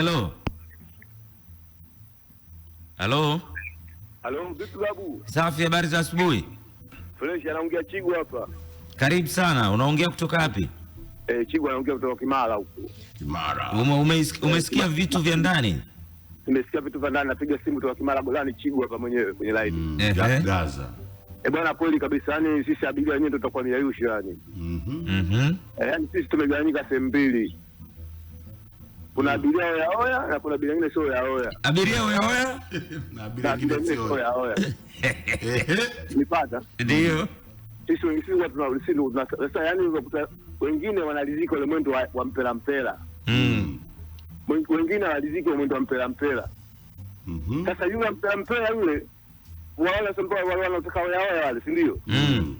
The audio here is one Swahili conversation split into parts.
hello halo halo, vipi babu? Safi, habari za asubuhi. Fresh, anaongea Chigu hapa. Karibu sana. Unaongea kutoka wapi? Eh, Chigu anaongea kutoka Kimara huko. Kimara. Ume, Umesikia vitu vya ndani? Nimesikia vitu vya ndani, napiga simu kutoka Kimara Golani. Chigu hapa mwenyewe kwenye line. Mm, Gaza. Eh, bwana kweli kabisa, yani sisi abiria wenyewe tutakuwa ni miayusho yani. Mhm. Mm Mhm. Mm Eh, yani sisi tumegawanyika sehemu mbili kuna abiria ya oya na kuna abiria nyingine sio ya oya. Abiria ya oya na abiria nyingine sio ya oya. Nipata ndio sisi yaani wengine huwa tunarisi ndio sasa, yani unakuta wengine wanalizika ile mwendo wa, mpela mpela mm. Wengine wanalizika mwendo wa mpela mpela Mhm. Sasa yule mpela mpela yule wale sambao wale wanaotaka oya oya wale, si ndio? mm.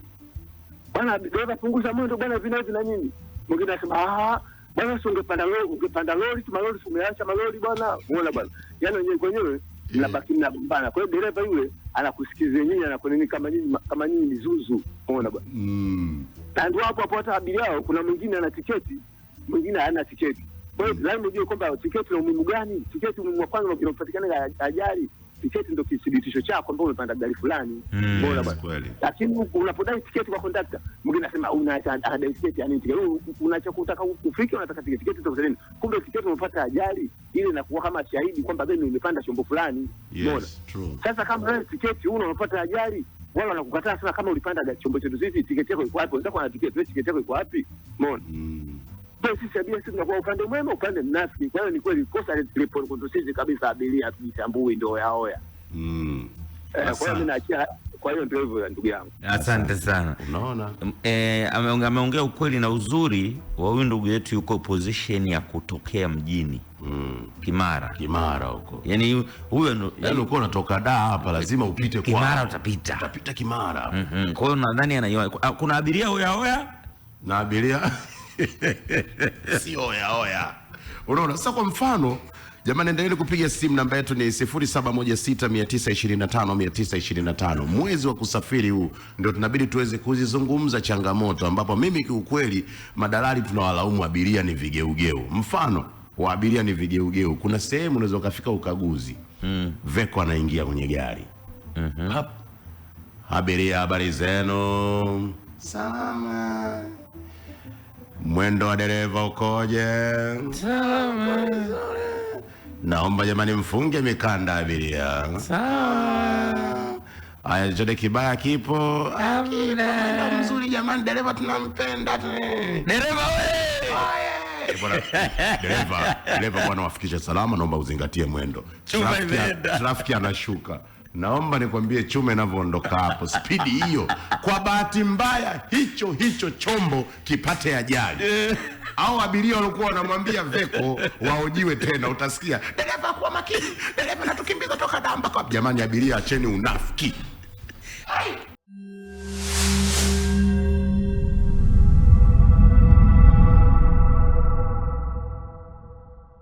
Bana, ndio punguza mwendo bana, vinavyo na nini, mwingine akasema ah Bwana, si ungepanda lori, ungepanda lori tu malori, umeacha malori bwana. muona bwana, yani wenyewe kwenyewe eh. mnabaki mnagombana. Kwa hiyo dereva yule anakusikiliza nyinyi, anakunini kama nyinyi kama nyinyi mizuzu. muona bwana, mm. na hapo hapo hata abiria yao, kuna mwingine ana tiketi, mwingine hana tiketi. Kwa hiyo mm. lazima ujue kwamba tiketi na umuhimu gani. Tiketi umuhimu wa kwanza unapatikana ajali tiketi ndio kithibitisho chako kwamba umepanda gari fulani, mm, bora bwana. Lakini unapodai tiketi kwa kondakta, mwingine anasema una anadai tiketi, yani tiketi unachotaka ufike, unataka tiketi tiketi za kuzalini, kumbe tiketi umepata ajali, ile inakuwa kama shahidi kwamba wewe umepanda chombo fulani, mbona. Sasa kama wewe tiketi una unapata ajali wala wanakukataa sana, kama ulipanda chombo chetu sisi, tiketi yako iko wapi? Unataka na tiketi, tiketi yako iko wapi? Mbona mm. Kwa sisi abiria sisi tunakuwa upande mwema, upande mnafiki. Kwa hiyo ni kweli kosa lipo kwetu sisi kabisa, abiria ndio ya oya. Mm. Eh, kwa hiyo kwa hiyo ndio hivyo ndugu yangu, asante sana. Unaona mm, eh, ameongea ameongea ukweli na uzuri wa huyu ndugu yetu, yuko position ya kutokea mjini mm. Kimara Kimara huko, yaani huyo uko yaani yaani unatoka da hapa, lazima upite kwa Kimara, utapita utapita Kimara. mm -hmm. Kwa hiyo nadhani ah, kuna abiria hoya hoya na abiria si oya oya. Unaona, sasa kwa mfano Jamani, endelee kupiga simu. Namba yetu ni 0716925925. Mwezi wa kusafiri huu ndio tunabidi tuweze kuzizungumza changamoto, ambapo mimi kiukweli, madalali tunawalaumu abiria ni vigeugeu. Mfano wa abiria ni vigeugeu, kuna sehemu unaweza ukafika ukaguzi mm. Veko anaingia kwenye gari mm -hmm. Abiria, habari zenu, salama Mwendo wa dereva ukoje? Naomba jamani, mfunge mikanda abiria. Aya, chochote kibaya kipo? Akina mzuri jamani, dereva tunampenda. Dereva wewe dereva bwana, wafikishe salama, naomba uzingatie mwendo. Trafiki anashuka. Naomba nikwambie Chume inavyoondoka hapo, spidi hiyo, kwa bahati mbaya hicho hicho chombo kipate ajali eh. au abiria walikuwa wanamwambia veko waojiwe tena, utasikia dereva, kuwa makini dereva, natukimbiza toka damba kwa Jamani abiria, acheni unafiki.